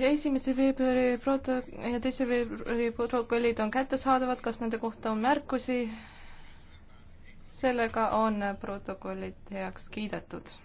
esimese veebruari proto- ja teise veebruari protokollid on kättesaadavad, kas nende kohta on märkusi? sellega on protokollid heaks kiidetud